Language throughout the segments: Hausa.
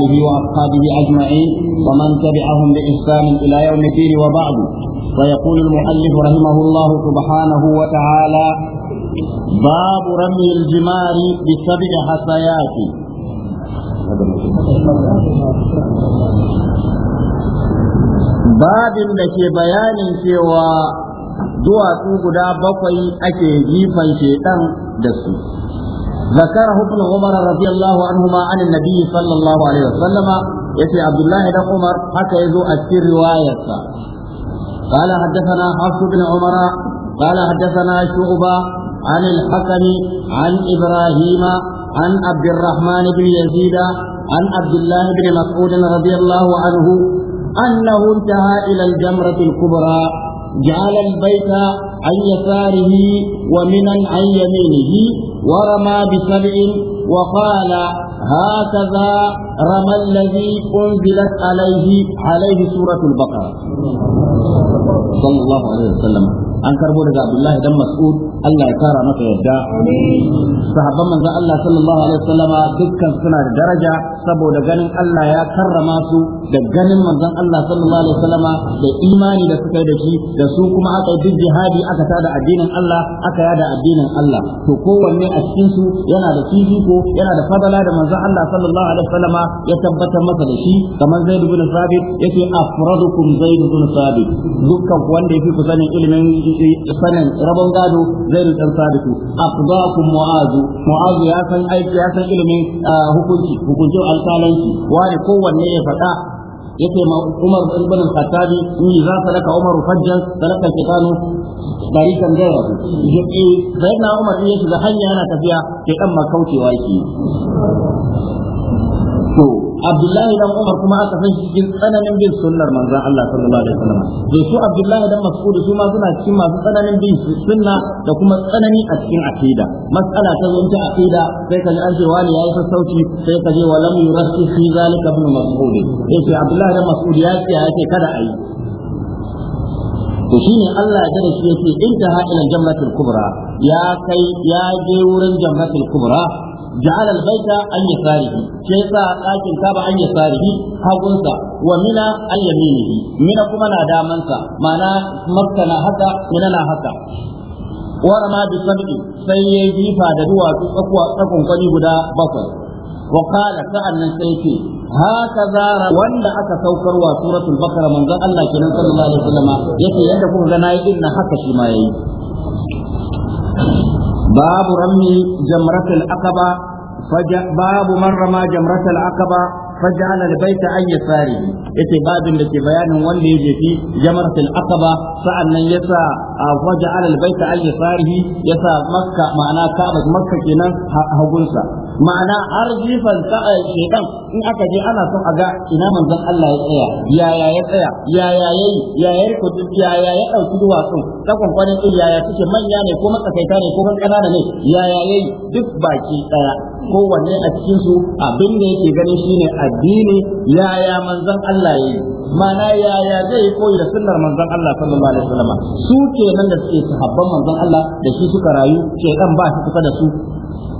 آله وأصحابه أجمعين ومن تبعهم بإحسان إلى يوم الدين وبعد فيقول المؤلف رحمه الله سبحانه وتعالى باب رمي الجمار بسبع حصيات babin da ke bayanin cewa duwatsu guda bakwai ake jifan shedan da su ذكره ابن عمر رضي الله عنهما عن النبي صلى الله عليه وسلم يتي عبد الله بن عمر حتى يزو أشير رواية قال حدثنا حفص بن عمر قال حدثنا شعبة عن الحكم عن إبراهيم عن عبد الرحمن بن يزيد عن عبد الله بن مسعود رضي الله عنه أنه انتهى إلى الجمرة الكبرى جعل البيت عن يساره ومنا عن يمينه ورمى بسبع وقال هكذا رمى الذي أنزلت عليه عليه سورة البقرة صلى الله عليه وسلم an karbo daga Abdullahi dan Mas'ud Allah ya kara masa yadda sahabban manzon Allah sallallahu alaihi wasallama dukkan suna da daraja saboda ganin Allah ya karrama su da ganin manzon Allah sallallahu alaihi wasallama da imani da suka yi da shi da su kuma aka yi jihadi aka tada addinin Allah aka yada addinin Allah to kowanne a cikin su yana da fifiko yana da fadala da manzon Allah sallallahu alaihi wasallama ya tabbatar masa da shi kamar Zaid bin Thabit yake afradukum Zaid bin Thabit dukkan wanda yafi ku sanin ilimin sanin rabon gado Zaid ibn Thabit afdakum Mu'az Mu'az ya san aiki ya san ilimin ah, hukunci hukuncin alƙalanci wani kowanne ya faɗa yake ma Umar ibn al-Khattabi in za salaka Umar fajjan salaka kitanu barikan gaira yake eh, sayyidina Umar ya shiga hanya yana tafiya sai dan ma kaucewa yake to Abdullahi dan Umar kuma aka san shi cikin tsananin bin sunnar manzon Allah sallallahu alaihi wasallam to su Abdullahi dan Mas'ud su ma suna cikin masu tsananin bin sunna da kuma tsanani a cikin aqida mas'ala ta zo ta aqida sai ka ji an ce wani yayi sassauci sai ka je walam yurassi fi zalika ibn Mas'ud yace Abdullahi dan Mas'ud ya ce ya ce kada ayi to shine Allah ya da shi inta intaha ila jamratul kubra ya kai ya je wurin jamratul kubra جعل البيت عن يساره شيسا لكن كاب عن يساره حقنسا ومنى عن يمينه منى كما نادى منسا معنى مكنا حتى مننا حتى ورمى بالسبع سيدي فاددوا تقوى تقوى قدي بدا بصر وقال كأن سيكي هكذا wanda aka saukarwa suratul bakara manzon Allah kenan sallallahu alaihi wasallam yake yadda kuka ga nayi din na haka shi ma yayi باب رمي جمرة العقبة فج... باب من رمى جمرة العقبة فجعل البيت عن يساره yace babin da ke bayanin wanda ya jefi jamaratul aqaba sa'annan yasa faja'al albayta an yasarihi yasa makka ma'ana ka'aba makka kenan hagunsa ma'ana har jifan eh, shekan in aka je ana son a ga ina manzon Allah ya tsaya yaya ya tsaya yaya ya yaya ya kudu yaya ya dauki duwatsun tsakon kwanin ya yaya suke manya ne ko matsakaita ne ko kanana ne yaya yi duk baki daya kowanne a cikin su abin da yake ganin shine addini yaya manzon Allah yi. ma'ana yaya zai koyi da sunnar manzon Allah sallallahu alaihi wasallam su kenan da suke sahabban manzon Allah da shi suka rayu shaitan ba shi kusa da su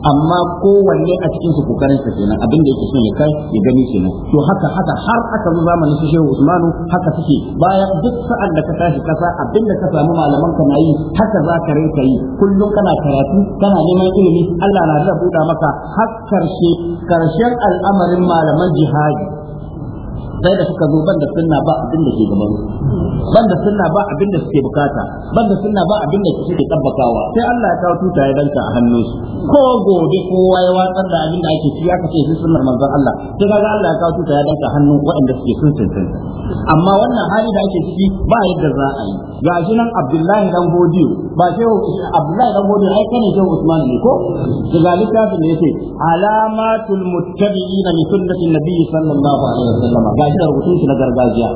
amma kowanne a cikin su kokarin sa kenan abin da yake son ya kai ya gani kenan to haka haka har aka zo zamanin su Shehu Usmanu haka suke baya duk sa'an da ka tashi kasa abin da ka samu malaman ka na yi haka za ka rinka yi kullum kana karatu kana neman ilimi Allah na da buɗa maka har karshe karshen al'amarin malaman jihadi sai da suka zo da sunna ba abin da ke gaban su da sunna ba abin da suke bukata ban da sunna ba abin da suke tabbatawa sai Allah ya kawo tuta ya danta a hannun su ko gobe ko ya watsar da abin da ake ci aka ce su sunnar manzon Allah sai kaga Allah ya kawo tuta ya danta hannun waɗanda suke sun sun amma wannan hali da ake ciki ba yadda za a yi ga shi nan Abdullahi dan Godiyo ba sai Abdullahi dan Godiyo ai kane shehu Usman ne ko ga littafin da yake alamatul muttabi'ina li sunnati nabi sallallahu alaihi wasallam gashi rubutun su na gargajiya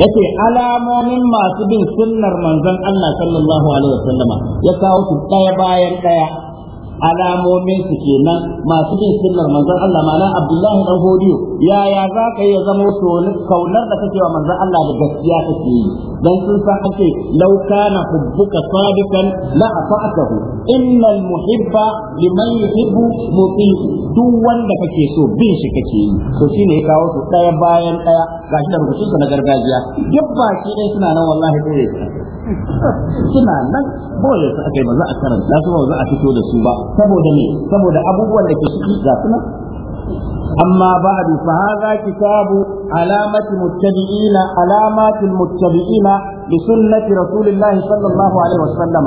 yace alamomin masu bin sunnar manzon Allah sallallahu alaihi wasallama ya kawo su daya bayan daya alamomin su kenan masu bin sunnar manzon Allah ma'ana abdullah dan Hodiyo yaya za ka yi zama sonin kaunar da kake wa manzon Allah da gaskiya kake yi dan sun san ake law kana hubbuka sadikan la ata'tahu innal muhibba liman yuhibbu muti duk wanda kake so bin shi kake yi to shine ya kawo su daya bayan daya gashi da rubutun na gargajiya duk baki dai suna nan wallahi dai suna nan boye su aka yi ba za a karanta su ba za a fito da su ba saboda ne saboda abubuwan da ke ciki ga suna أما بعد فهذا كتاب علامة المتبعين علامات المتبعين لسنة رسول الله صلى الله عليه وسلم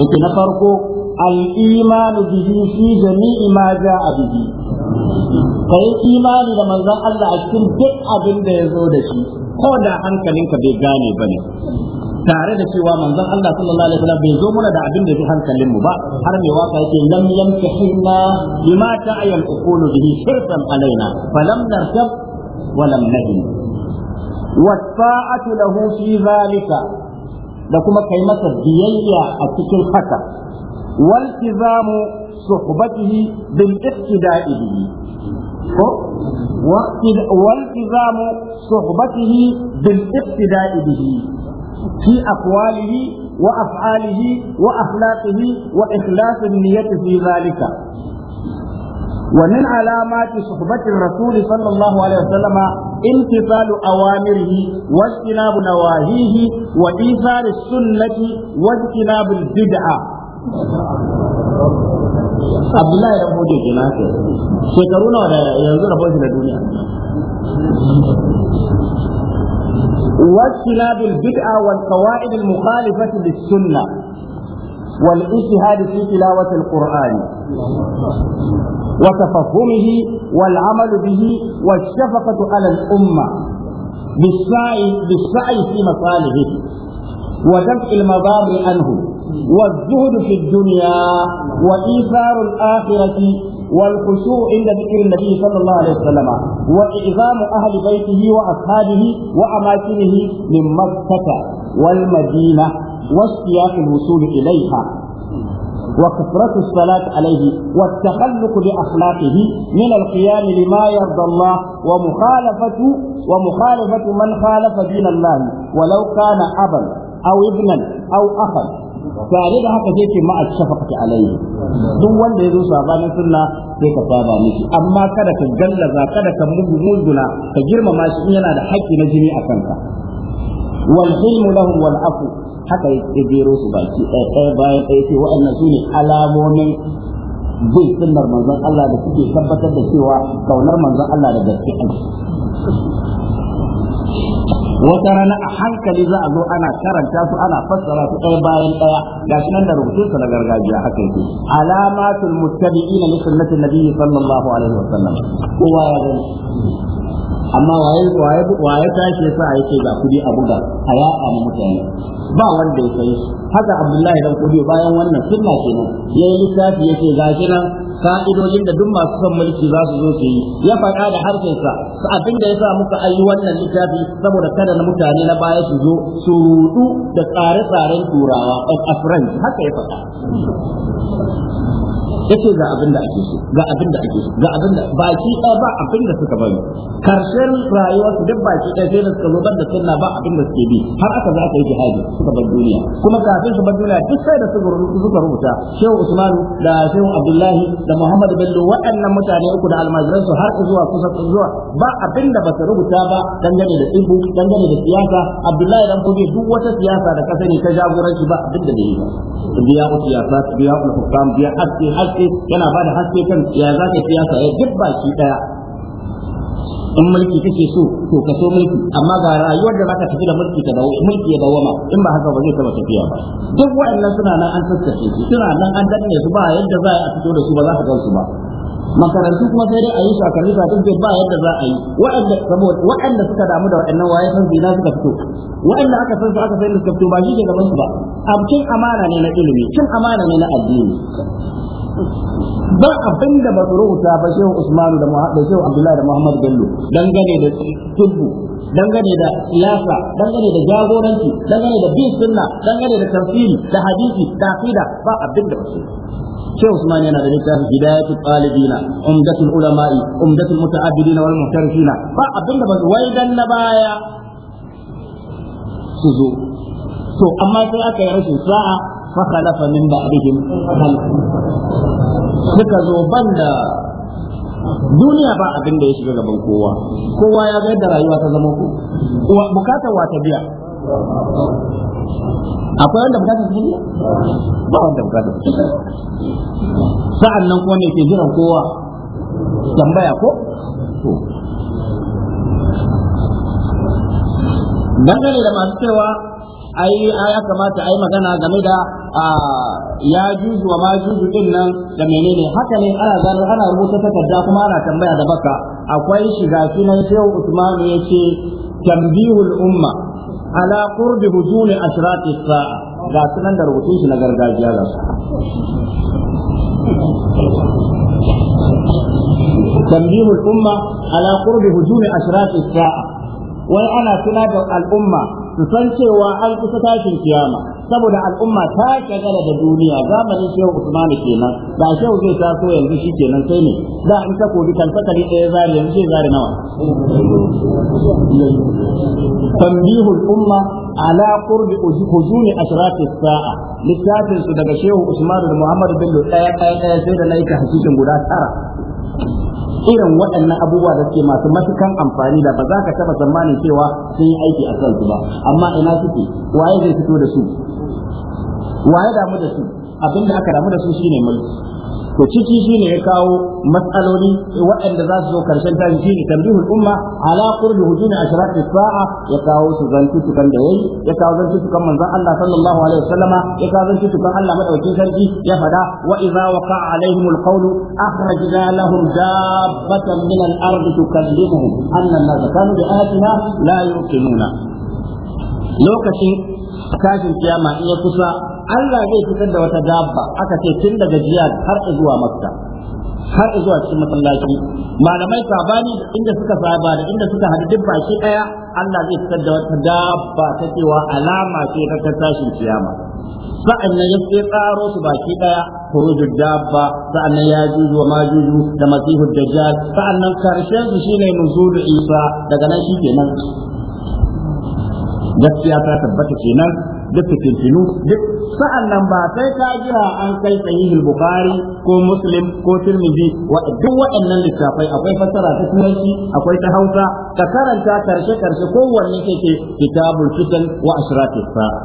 لكن فرق الإيمان به في ma ما a bihi, kai imani da manzon Allah a cikin duk abin da ya zo da shi ko da hankalinka bai gane ba ne tare da cewa manzon Allah sallallahu alaihi wasallam bai zo muna da abin da zai hankalin mu ba har mai waka yake lam yamtahina bima ta'ayal uqulu bihi shirkan alaina falam narkab wa lam nahin والطاعة له في ذلك da kuma kai masa biyayya a cikin haka waltizamu suhbatihi bil iqtida'i ko waltizamu suhbatihi bil في أقواله وأفعاله وأخلاقه وإخلاص النية في ذلك ومن علامات صحبة الرسول صلى الله عليه وسلم امتثال أوامره واجتناب نواهيه وإيثار السنة واجتناب البدعة Abdullahi ya bude gina ke shekaru nawa da yanzu da da duniya واجتناب البدعة والقواعد المخالفة للسنة والاجتهاد في تلاوة القرآن وتفهمه والعمل به والشفقة على الأمة بالسعي بالسعي في مصالحه ودفع المضار عنه والزهد في الدنيا وإيثار الآخرة والخشوع عند ذكر النبي صلى الله عليه وسلم وإعظام أهل بيته وأصحابه وأماكنه من مكة والمدينة واشتياق الوصول إليها وكثرة الصلاة عليه والتخلق بأخلاقه من القيام لما يرضى الله ومخالفة ومخالفة من خالف دين الله ولو كان أبا أو ابنا أو أخا tare da haka sai ke ma'a shafaqati alayhi duk wanda ya zo sabanin sunna sai ka saba miki amma kada ka gallaza kada ka muguna ka girmama shi in yana da haƙƙi na jini a kanka wal hilmu lahum wal afu haka ya jero su baki ɗaya bayan ɗaya ce wa'annan su alamomin bin sunnar manzon Allah da suke tabbatar da cewa kaunar manzon Allah da gaske wata rana a hankali za a zo ana karanta su ana fassara su ɗaya bayan ɗaya ga shi nan da rubutun sa na gargajiya haka yake alamatul muttabi'ina li sunnati nabiyyi sallallahu alaihi wa sallam kowa ya gani amma waye waye waye tashi yasa yake ga kudi a buga a ya'a mutane ba wanda ya sai haka abdullahi dan kudi bayan wannan sunna kenan yayi lissafi yace gashi nan ka'idojin da duk masu son mulki za su zo su yi ya faɗa da harshen sa abin da yasa muka ayi wannan littafi saboda kada na mutane na baya su zo su rudu da tsare-tsaren turawa a haka ya faɗa yace ga abin da ake so ga abin da ake so ga abin da baki ɗaya ba abin da suka bari karshen rayuwar su duk baki ɗaya sai da suka zo da sunna ba abin da suke bi har aka za ka yi jihadi suka bar duniya kuma kafin su bar duniya duk sai da suka rubuta shehu usman da shehu abdullahi da muhammad bello waɗannan mutane uku da almajiran su har zuwa kusa zuwa ba abin da ba su rubuta ba dangane da tsibu dangane da siyasa abdullahi dan kudi duk wata siyasa da ka sani ta jagoranci ba abin da ne yi ba biya siyasa biya hukam biya hakki hakki haske yana ba da haske kan ya za ka sa ya duk baki daya in mulki kake so to ka so mulki amma ga rayuwar da zaka tafi da mulki ka dawo mulki ya ma. in ba haka ba zai taba tafiya ba duk wa'annan suna nan an tattace su suna nan an danne su ba yadda za a fito da su ba za ka gansu ba makarantu kuma sai dai a yi shakarni ba duk ba yadda za a yi wa'anda saboda wa'anda suka damu da wa'annan waye san zina suka fito wa'anda aka san su aka san suka fito ba shi ke gaban su ba abcin amana ne na ilimi cin amana ne na addini ba abin da ba su rubuta ba shehu usman da da shehu abdullahi da muhammad bello dangane da tubu dangane da dan dangane da jagoranci dangane da bi sunna dangane da tafsiri da hadisi da aqida ba abin da ba su شيخ عثمان يانا للكتاب هداية الطالبين عمدة العلماء عمدة المتعبدين والمحترفين فأبن baya su zo, to سو أما سيأتى yi رسول sa'a. fa khalafa min ba'dihim khalq suka zo da duniya ba abin da ya shiga gaban kowa kowa ya ga da rayuwa ta zama ku bukatar wa ta biya akwai wanda bukatar su biya ba wanda bukatar su sa'an nan kuma ne ke jiran kowa tambaya ko dangane da masu cewa ai ya kamata a yi magana game da ya juju wa ma juju din nan da menene haka ne ana zaro ana rubuta takarda kuma ana tambaya da baka akwai shiga sunan shehu usman ya ce tambihul umma ala qurbi hujumi ashrati sa'a ga sunan da rubutun shi na gargajiya da tambihul umma ala qurbi hujumi ashrati sa'a wai ana tuna da al'umma su san cewa an kusa tashin kiyama saboda al'umma ta shagala da duniya zamanin shehu usmanu kenan da shehu zai taso yanzu shi kenan sai ne za in ka kodi kalfata ne ɗaya zari yanzu zai zari nawa tambihul umma ala qurbi hujumi ashrati sa'a littafin su daga shehu usmanu da muhammadu bello ɗaya ɗaya ɗaya sai da nayi hakikin guda tara irin waɗannan abubuwa da suke masu matukan amfani da ba za ka taɓa tsammanin cewa sun yi aiki a kansu ba amma ina suke waye zai fito da su waye damu da su abin aka damu da su shine mulki to ciki shine ya kawo matsaloli waɗanda za su zo karshen tashi shi ne tambihul umma ala qurbi hujumi ashrat as-sa'a ya kawo su zantutukan da yayi ya kawo zantutukan manzon Allah sallallahu alaihi wasallama ya kawo zantutukan Allah madaukakin sarki ya fada wa idza waqa'a alaihim al-qawlu akhrajna lahum dabbatan min al-ard tukallimuhum anna an-nasa kanu bi ayatina la yuqinuna lokacin kashin kiyama in ya kusa Allah zai fitar da wata dabba aka ce tun daga jihar har zuwa makka har zuwa cikin masallaci malamai sabani inda suka saba da inda suka hadu duk baki daya Allah zai fitar da wata dabba ta cewa alama ce ta tashin kiyama sa'an nan ya tsaro su baki daya furujud dabba sa'an nan ya wa majuju da masihu dajjal sa'an nan karshen su shine nuzulu isa daga nan shikenan gaskiya ta tabbata kenan duk fitintinu duk Sa'an nan ba sai ka jira an kai sahih bukhari ko muslim ko tirmidhi wa duk waɗannan littafai akwai fasara ta turanci akwai ta hausa ka karanta karshe karshe kowanne kake kitabul fitan wa ashratis sa'a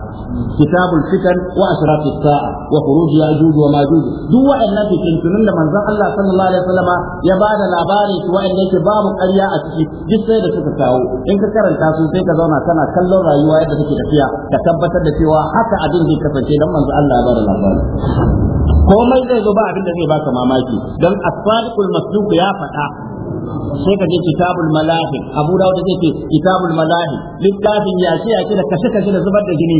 kitabul fitan wa ashratis sa'a wa ya yajuj wa majuj duk waɗannan fitintunun da manzon Allah sallallahu alaihi wasallama ya ba bada labari waɗanda yake babu ƙarya a ciki duk sai da suka kawo in ka karanta su sai ka zauna kana kallon rayuwa yadda take tafiya ka tabbatar da cewa haka abin zai kasance idan manzo Allah ya bada labari komai zai zo ba abin da zai baka mamaki don as-sadiqul ya faɗa sai ka je kitabul malahi abu dawud zai ce kitabul malahi littafin ya ce ya ce da kashe kashe da zubar da gini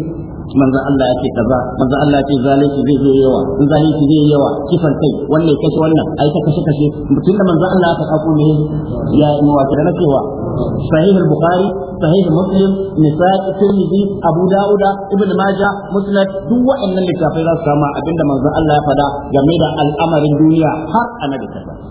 manzon Allah yake kaza manzon Allah yake zalunci zai zo yawa in zalunci zai yawa kifan kai wanne kashe wannan ai ta kashe kashe tunda manzon Allah ya faɗa ko me ya yi muwakira na cewa sahih al-bukhari sahih muslim nisa'i tirmidhi abu dawud ibn majah musnad duk waɗannan littafai za su kama abinda manzon Allah ya faɗa game da al'amarin duniya har annabi sallallahu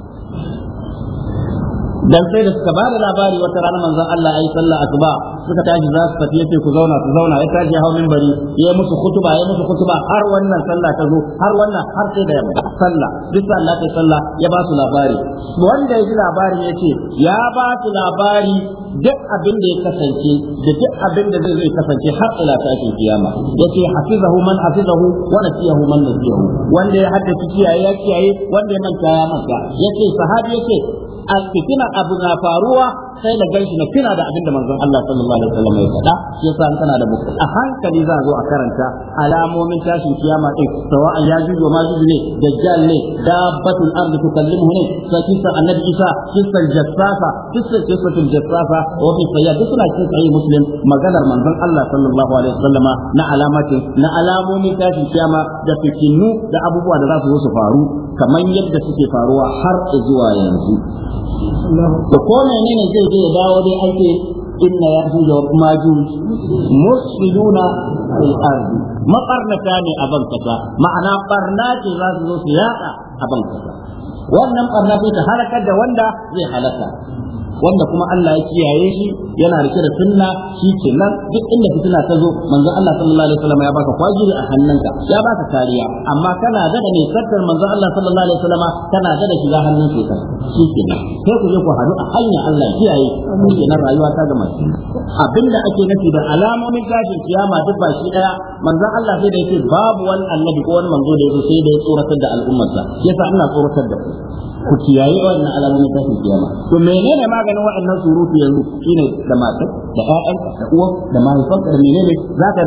dan sai da suka ba da labari wata rana manzon Allah ya yi sallah asuba suka tashi za su tafi yace ku zauna ku zauna ya tashi hawo minbari ya musu khutba ya musu khutba har wannan sallah ta zo har wannan har sai da yamma sallah duk sallah sallah ya ba su labari wanda ya ji labarin yace ya ba su labari duk abin da ya kasance da duk abin da zai kasance har ila tashin kiyama ce hafizahu man hafizahu wa nasiyahu man nasiyahu wanda ya haddace kiyaye ya kiyaye wanda ya manta ya manta yace sahabi yace a fitina abu na faruwa sai da ganshi na kina da abinda manzon Allah sallallahu alaihi wasallam ya faɗa shi yasa an kana da buku a hankali za zo a karanta alamomin tashin kiyama din an ya jujo ma jujo ne dajjal ne dabbatul ardi tukallimu ne sakinsa annabi Isa kisa jassafa kisa kisatul jassafa wa fi sayyid suna cikin sahih muslim maganar manzon Allah sallallahu alaihi wasallama na na alamomin tashin kiyama da fitinu da abubuwa da za su zo su faru kamar yadda suke faruwa har zuwa yanzu to ko menene zai je dawo dai ake inna yajuj wa majuj mufsiduna fil ardi mabarnata ne a bankasa ma'ana barna ce za su zo su yada a bankasa wannan barna sai ta da wanda zai halaka wanda kuma Allah ya kiyaye shi yana rike da sunna shi ke nan, duk inda fitina ta zo manzo Allah sallallahu alaihi wasallam ya baka kwajiri a hannunka ya baka kariya amma kana da da ne sattar manzo Allah sallallahu alaihi wasallam kana da da shiga hannun ka shi ke nan. sai ku je ku hadu a hanya Allah kiyaye ku nan rayuwa ta abin abinda ake nufi da alamomin gashin kiyama duk ba shi daya manzo Allah sai da yake babu wani annabi ko wani manzo da yake sai da ya tsoratar da al'ummarsa yasa ina tsoratar da ku ku kiyaye wannan alamomin tashin kiyama to menene maganin waɗannan surutu yanzu shine da matar da ƴaƴan da uwa da mahaifan da menene zaka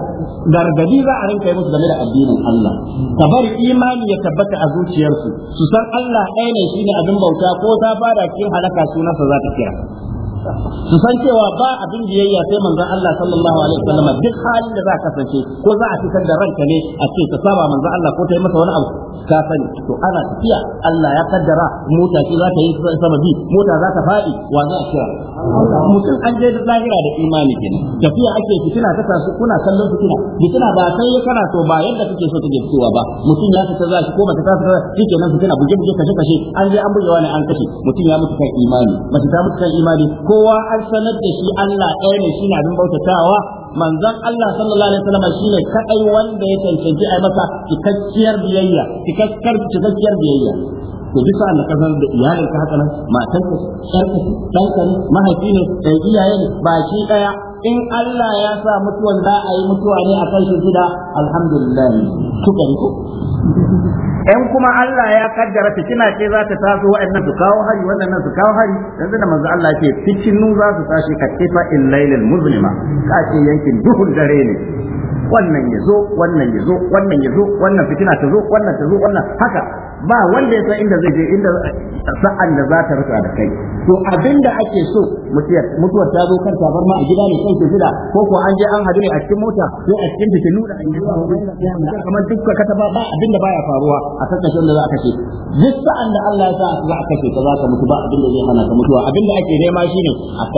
gargadi za a rinka yi musu game da addinin Allah ka bar imani ya tabbata a zuciyarsu su san Allah ɗaya ne shine abin bauta ko ta fara cikin halaka sunansa za ta kira su san cewa ba abin biyayya sai manzon Allah sallallahu alaihi wasallam duk halin da za ka kasance ko za a fitar da ranka ne a ce ka saba manzon Allah ko ta yi masa wani abu ka sani to ana tafiya Allah ya kaddara mota ce za ta yi sama bi mota za ta faɗi wa za a kira mutum an je zahira da imani kenan tafiya ake fitina ta tasu kuna kallon fitina fitina ba sai ya kana so ba yadda kake so ta fitowa ba mutum ya fita za shi ko mace ta fita shi kenan fitina buje buje kashe kashe an je an bugewa wani an kashe mutum ya mutu kan imani mace ta mutu kan imani kowa an sanar da shi Allah ɗaya ne shi na dan bautatawa manzon Allah sallallahu alaihi wasallam shine kadai wanda ya cancanci a masa cikakkiyar biyayya cikakkar cikakkiyar biyayya to bisa na kasar da iyalin ka haka nan matan ka dan ka mahaifi ne da iyaye ne shi ɗaya in Allah ya sa mutuwan za a yi mutuwa ne a kan shi gida alhamdulillah kuka ko ɗan kuma Allah ya kaddara fitina ce za ta taso waɗannan su kawo hari waɗannan su kawo hari dan da manzo Allah ce fitinu za su tashi katifa in lailil muslima ka ce yankin duhun dare ne wannan yazo wannan yazo wannan yazo wannan fitina ta zo wannan ta zo wannan haka ba wanda ya san inda zai je inda sa'an da za ta rika da kai to abinda ake so mutuwar ta zo kan bar ma a gida ne kan shida ko ko an je an hadu ne a cikin mota ko a cikin take nuna an yi kamar dukkan kata ba ba abinda baya faruwa a kasashen da za a kashe duk sa'an da Allah ya sa za a kashe ka za ka mutu ba abinda zai hana ka mutuwa abinda ake nema shine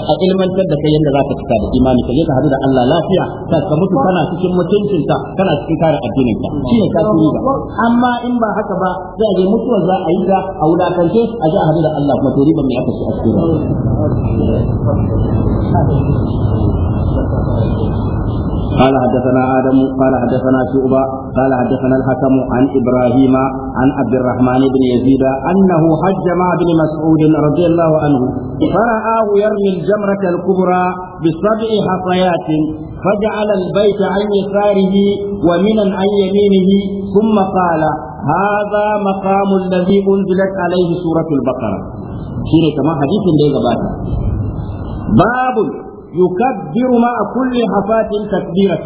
a ilmantar da kai yadda za ka fita da imani ka je ka hadu da Allah lafiya ka mutu kana cikin mutuncinka kana cikin kare addininka shine ka amma in ba haka ba sai eh mutuwar za a yi ta a wulakance a ji a hadu da Allah kuma to riba mai aka ci a cikin قال حدثنا آدم قال حدثنا شعبة قال حدثنا الحكم عن إبراهيم عن عبد الرحمن بن يزيد أنه حج مع ابن مسعود رضي الله عنه فرآه يرمي الجمرة الكبرى بسبع حصيات فجعل البيت عن يساره ومنا عن يمينه ثم قال هذا مقام الذي أنزلت عليه سورة البقرة شيني كما حديث ليه قبات باب يكبر مع كل حفاة تكبيرة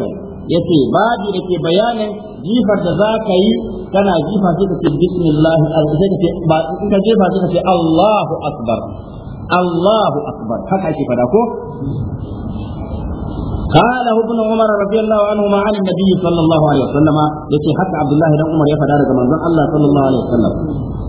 يتي باب يتي بيان جيفة ذاك كان جيفة ذاك بسم الله إنك جيفة ذاك الله أكبر الله أكبر حتى شفا قال ابن عمر رضي الله عنهما عن النبي صلى الله عليه وسلم يتي حتى عبد الله بن عمر يفدى رجل من الله صلى الله عليه وسلم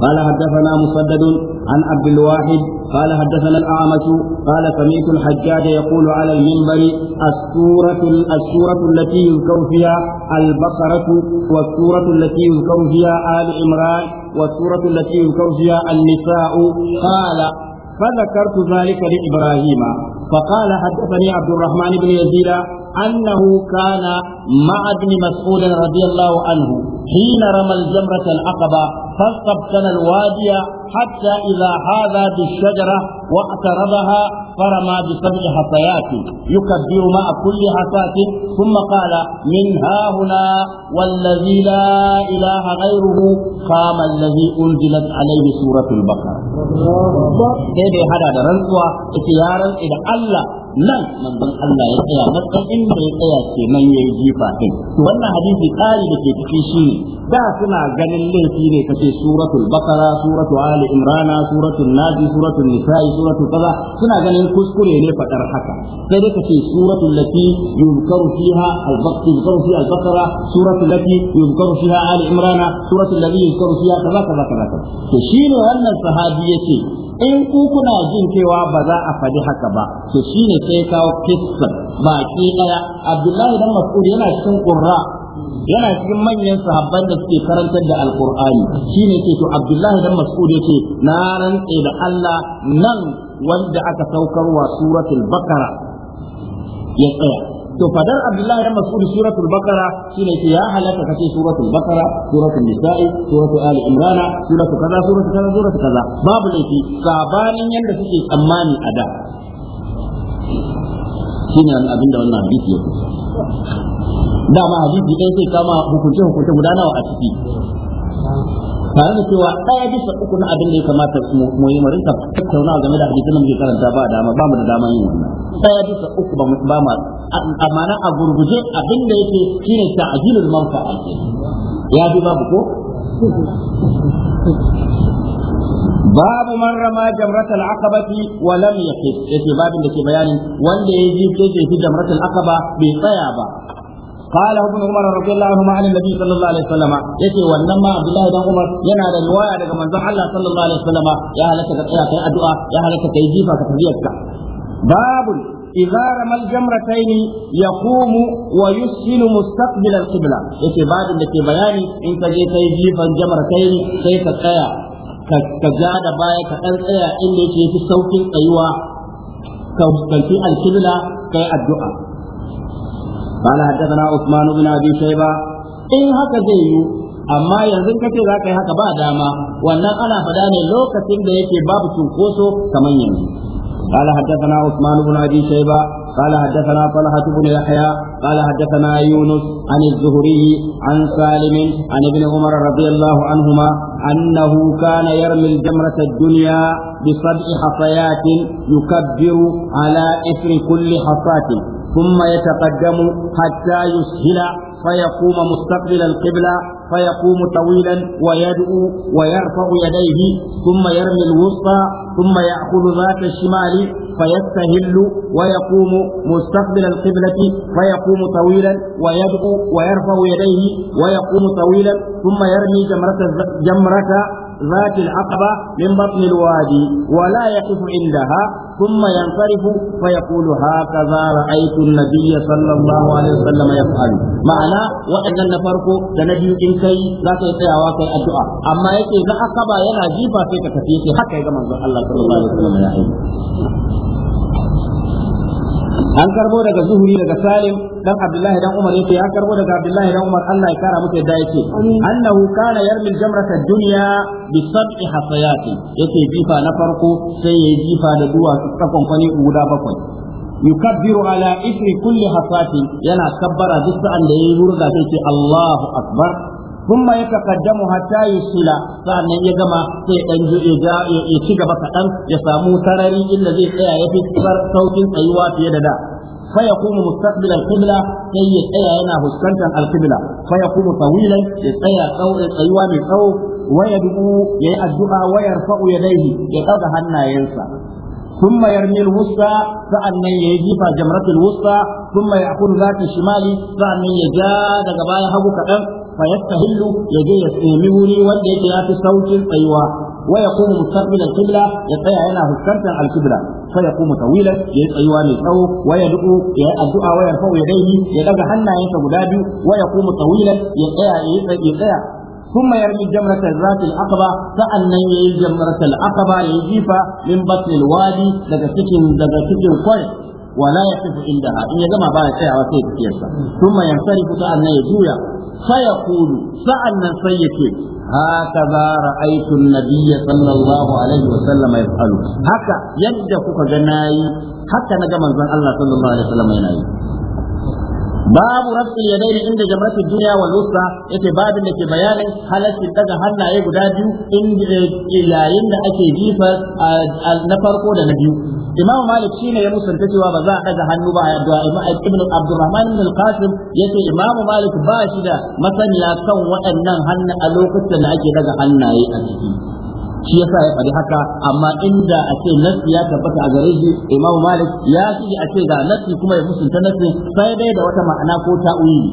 قال حدثنا مسدد عن عبد الواحد قال حدثنا الأعمش قال سمعت الحجاج يقول على المنبر السورة السورة التي يذكر فيها البقرة والسورة التي يذكر فيها آل عمران والسورة التي يذكر فيها النساء قال فذكرت ذلك لإبراهيم فقال حدثني عبد الرحمن بن يزيد أنه كان مع ابن مسعود رضي الله عنه حين رمى الجمرة العقبة فاستبطن الوادي حتى إذا حاذى بالشجرة واقتربها فرمى بسبع حصيات يكبر مع كل حصاة ثم قال من ها هنا والذي لا إله غيره قام الذي أنزلت عليه سورة البقرة. كيف هذا رنسوة إتيارا إلى الله nan manzon Allah ya tsaya matsayin inda ya tsaya ke nan yayi jifa din wannan hadisi kari da ke cikin shi da suna ganin laifi ne kace suratul baqara suratul ali imran suratul naji suratul nisa'i suratul kaza suna ganin kuskure ne fadar haka sai dai kace suratul lati yunkaru fiha al-baqara yunkaru fiha al-baqara suratul lati yunkaru fiha ali imran suratul lati yunkaru fiha kaza kaza kaza to shi ne wannan sahabi yace in ku kuna jin cewa ba za a faɗi haka ba to shine sai kawo kissa baki daya abdullahi dan mas'ud yana cikin qurra yana cikin manyan sahabban da suke karantar da alqur'ani shine ke to abdullahi dan mas'ud yake na rantse da Allah nan wanda aka saukarwa suratul bakara ya tsaya to fadar abdullahi dan mas'ud suratul baqara shine ke ya halaka kace suratul baqara suratul nisa'i suratul ali imran suratul kaza suratul kaza suratul kaza babu laifi sabanin yanda suke tsammani a da shine abin da wannan hadisi yake dama hadisi dai sai kama hukunce hukunce guda nawa a ciki tare da cewa ɗaya bisa uku na abin da ya kamata mu yi marinka tattaunawa game da hadisin da muke karanta ba dama ba mu da dama yin wannan ɗaya bisa uku ba mu amana a gurguje abin yake shine ta'jilul mawta ake ya bi babu ko babu man rama jamratul aqabati wa lam yaqif yace babin da ke bayani wanda ya ji ke ji jamratul aqaba bai tsaya ba قال ابن عمر رضي الله عنهما عن النبي صلى الله عليه وسلم يتي ونما عبد الله بن عمر ينا daga manzon Allah sallallahu alaihi wasallam ya halaka ka tsaya kai addu'a ya halaka kai jifa ka babu idza ramal jamratayn yaqumu wa yusilu mustaqbil al-qibla yake babin da ke bayani in ka je kai jifan jamratayn sai ka tsaya ka ja da baya ka dan tsaya inda yake fi saukin tsayuwa ka fuskanci al-qibla kai addu'a قال Usman عثمان بن ابي شيبه in haka zai yiwu, amma yanzu ka ce za ka yi haka ba dama wannan ana faɗa ne lokacin da yake babu cunkoso kamar yanzu قال حدثنا عثمان بن ابي شيبه قال حدثنا طلحه بن يحيى قال حدثنا يونس عن الزهري عن سالم عن ابن عمر رضي الله عنهما انه كان يرمي الجمره الدنيا بسبع حصيات يكبر على اثر كل حصاه ثم يتقدم حتى يسهل فيقوم مستقبل القبلة فيقوم طويلا ويدعو ويرفع يديه ثم يرمي الوسطى ثم يأخذ ذات الشمال فيستهل ويقوم مستقبل القبلة فيقوم طويلا ويدعو ويرفع يديه ويقوم طويلا ثم يرمي جمرة جمرة ذات العقبة من بطن الوادي ولا يقف عندها ثم ينصرف فيقول هكذا رأيت النبي صلى الله عليه وسلم يفعل معنى وأن النفرق تنبي إن كي لا تيسي واكي الدعاء أما يكي ذا أقبا ينا جيبا في تكفيك حكي كما الله صلى الله عليه وسلم يا an karbo daga zuhuri daga salim dan abdullahi dan umar yace an karbo daga abdullahi dan umar Allah ya kara masa yadda yace annahu kana yarmi jamrata dunya bi sab'i hasayati yake jifa na farko sai yayi jifa da duwa tsakon kwani guda bakwai yukabbiru ala ismi kulli hasatin yana kabbara duk sa'an da yayi murda sai ce Allahu akbar ثم يتقدم حتى يصل sannan ya gama sai dan ya ci gaba kaɗan ya samu sarari inda zai tsaya ya fi saukin tsayuwa fiye da da fa yaqumu mustaqbil al-qibla sai ya tsaya yana fuskantar al-qibla fa yaqumu tawilan ya tsaya tsayuwa mai waya ya yi addu'a wayar fa'u ya daihi ya hannayensa ثم يرمي الوسطى فأن يجيب جمرة الوسطى ثم يأخذ ذات الشمال فأن يجاد غبايا هبو kaɗan. fa yastahillu yaje ya nemi wuri wanda ya yafi saukin tsayuwa wa yaqumu mustaqbilal qibla ya tsaya yana fuskantar al-qibla fa yaqumu tawila ya tsayuwa mai tsawo wa yad'u ya ya hannayensa guda biyu wa yaqumu tawila ya tsaya ya tsaya ثم يرمي جمرة ذات العقبة فأنا يجي جمرة العقبة يجيفا من بطن الوادي لدى سكن لدى سكن ya ولا يقف عندها إن جمع بعد ساعة وسيد ثم ينصرف فأنا يجويا فيقول سألنا سيكي هكذا رأيت النبي صلى الله عليه وسلم يفعل هكا يجد كوكا جناي هكا نجم الله صلى الله عليه وسلم يناي babu rafi yadaini inda jama'atu duniya wal usta yace babin da ke bayanin halaccin daga hannaye guda biyu inda eh, yayin da ake jifa eh, na farko da na biyu imam malik shine ya musanta cewa ba za a daga hannu ba ya du'a ibn abdurrahman ibn al-qasim yace imam malik ba shi da masaniya kan waɗannan hannu a lokacin da ake daga hannaye a ciki shi yasa ya faɗi haka amma inda a ce nasi ya tabbata a gare shi imamu malik ya shi a ce ga nasi kuma ya musunta nasi sai dai da wata ma'ana ko ta'wili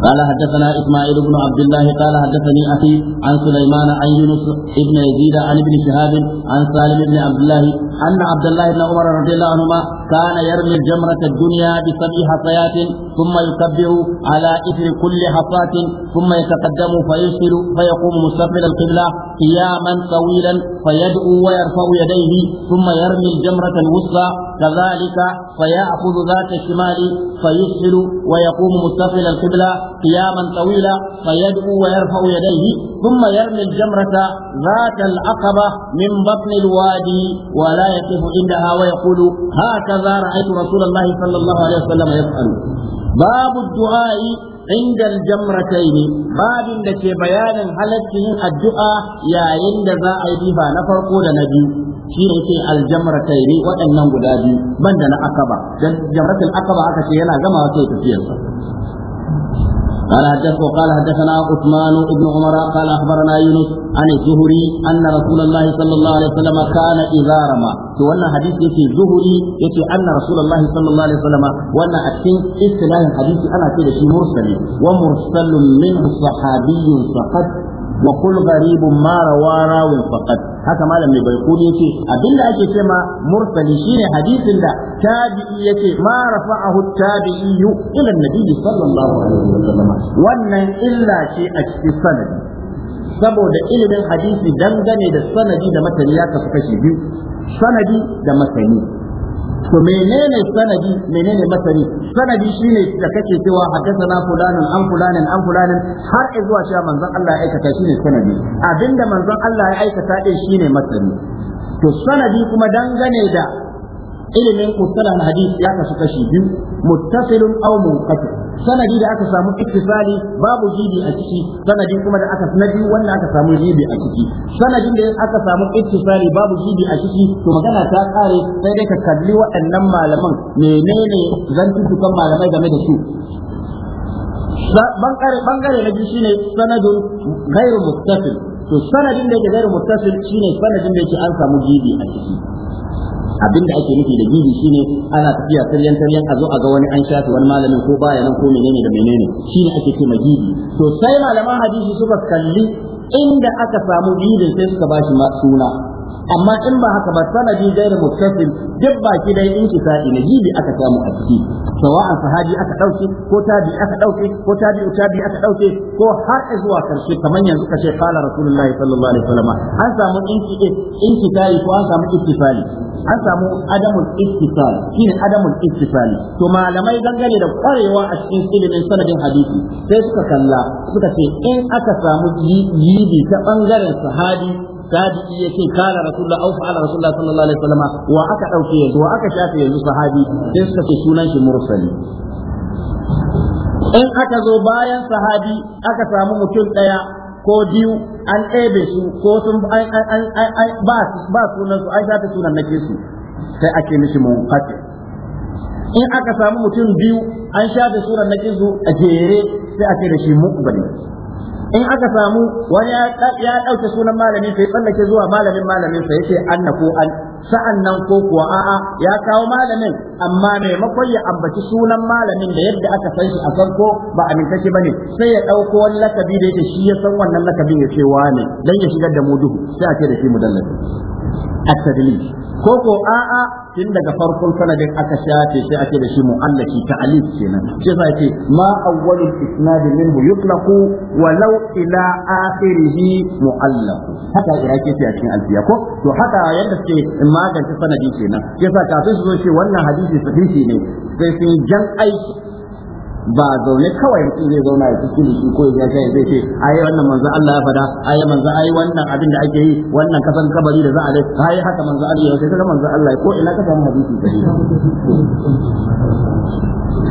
قال حدثنا اسماعيل بن عبد الله قال حدثني اخي عن سليمان عن يونس ابن يزيد عن ابن شهاب عن سالم بن عبد الله ان عبد الله بن عمر رضي الله عنهما كان يرمي الجمرة الدنيا بسبع حصيات ثم يكبر على إثر كل حصاة ثم يتقدم فيرسل فيقوم مستقبل القبلة قياما طويلا فيدعو ويرفع يديه ثم يرمي الجمرة الوسطى كذلك فيأخذ ذات الشمال فيسهل ويقوم مستقبل القبلة قياما طويلا فيدعو ويرفع يديه ثم يرمي الجمرة ذات العقبة من بطن الوادي ولا يقف عندها ويقول هكذا هذا رأيت رسول الله صلى الله عليه وسلم يسأل باب الدعاء عند الجمرتين باب لك بيان حالته الدعاء يا عند ذا أيديها نفرق نبي shi ne ce aljamra tairi waɗannan guda biyu banda na akaba dan jamratul akaba aka ce yana gama sai tafiyarsa قال حدثه قال حدثنا عثمان بن عمر قال اخبرنا يونس عن الزهري ان رسول الله صلى الله عليه وسلم كان اذا رمى wannan hadisi yace zuhuri yace anna rasulullahi sallallahu alaihi wasallam wannan a cikin istilahin hadisi ana ce da shi mursali wa mursalun min wa kul gharibun ma rawa haka malam mai baikuni yace abinda ake ce ma mursali shine hadisin da tabi'i yace ma rafa'ahu tabi'i ila wannan illa ce a cikin sanadi saboda ilimin hadisi dangane da sanadi da matani ya kasu kashi biyu sanadi da masani. to menene sanadi menene masani sanadi shine da kake cewa haddathana fulanan an fulanan an fulanan har zuwa cewa manzon Allah ya aikata shine sanadi abinda manzon Allah ya aikata din shine masani to sanadi kuma dangane da ilimin mustalah na hadisi ya kasu kashi biyu muttasilun aw munqati sanadi da aka samu ittisali babu jibi a ciki sanadi kuma da aka sanadi wanda aka samu jibi a ciki sanadin da aka samu ittisali babu jibi a ciki to magana ta kare sai dai ka kalli waɗannan malaman menene zantukan malamai game da su bangare na biyu shine sanadun ghairu muttasil to sanadin da yake ghairu muttasil shine sanadin da yake an samu jibi a ciki Abin da ake nufi da gidi shine ana tafiya taryan taryan a zo a ga wani an shafi wani malamin ko baya nan ko menene da menene shine ake ce gidi to sai malaman hadisi suka kalli inda aka samu gidin sai suka bashi suna amma in ba haka ba sanadi gairu muttasil duk baki dai in kisadi ne jibi aka samu a ciki sawa'an sahabi aka dauke ko tabi aka dauke ko tabi tabi aka dauke ko har zuwa karshe kamar yanzu kace qala rasulullahi sallallahu alaihi wasallam an samu in inki intisali ko an samu ittifali an samu adamul ittifal shine adamul ittifali to malamai dangane da kwarewa a cikin ilimin sanadin hadisi sai suka kalla suka ce in aka samu jibi ta bangaren sahabi tabi'i yace kana rasulullah au fa'ala rasulullah sallallahu alaihi wasallam wa aka dauke yanzu wa aka shafe yanzu sahabi sai suka ce sunan shi mursali in aka zo bayan sahabi aka samu mutum daya ko biyu an ɗebe su ko sun ba sunan su an shafe sunan nake su sai ake mishi munqati in aka samu mutum biyu an shafe sunan nake su a jere sai ake da shi muqbali in aka samu wani ya ɗauke sunan malami sai tsallake zuwa malamin malamin sai yake anna ko an sa'an nan ko kuwa a'a ya kawo malamin amma maimakon ya ambaci sunan malamin da yadda aka san shi a farko ba ne. bane sai ya ɗauko wani lakabi da yake shi ya san wannan lakabin ya ce wane dan ya shigar da mu duhu sai a ce da shi mudallasi at koko a'a tun daga farkon sanadin aka shafe shi ake da shi mu'allaki ta'alif kenan shi yasa ce ma awwalul isnad minhu yutlaqu walau ila akhirih mu'allaq haka iraki ce a cikin alfiya ko to haka yadda suke magance sanadi kenan yasa kafin su zo ce wannan hadisi sahihi ne sai sun jan aiki ba zaune kawai mutum zai zauna ya cikin shi ko ya kai zai ce ai wannan manzo Allah ya fada ai manzo ai wannan abin da ake yi wannan kasan kabari da za a yi ai haka manzo Allah ya sai manzo Allah ko ina ka samu hadisi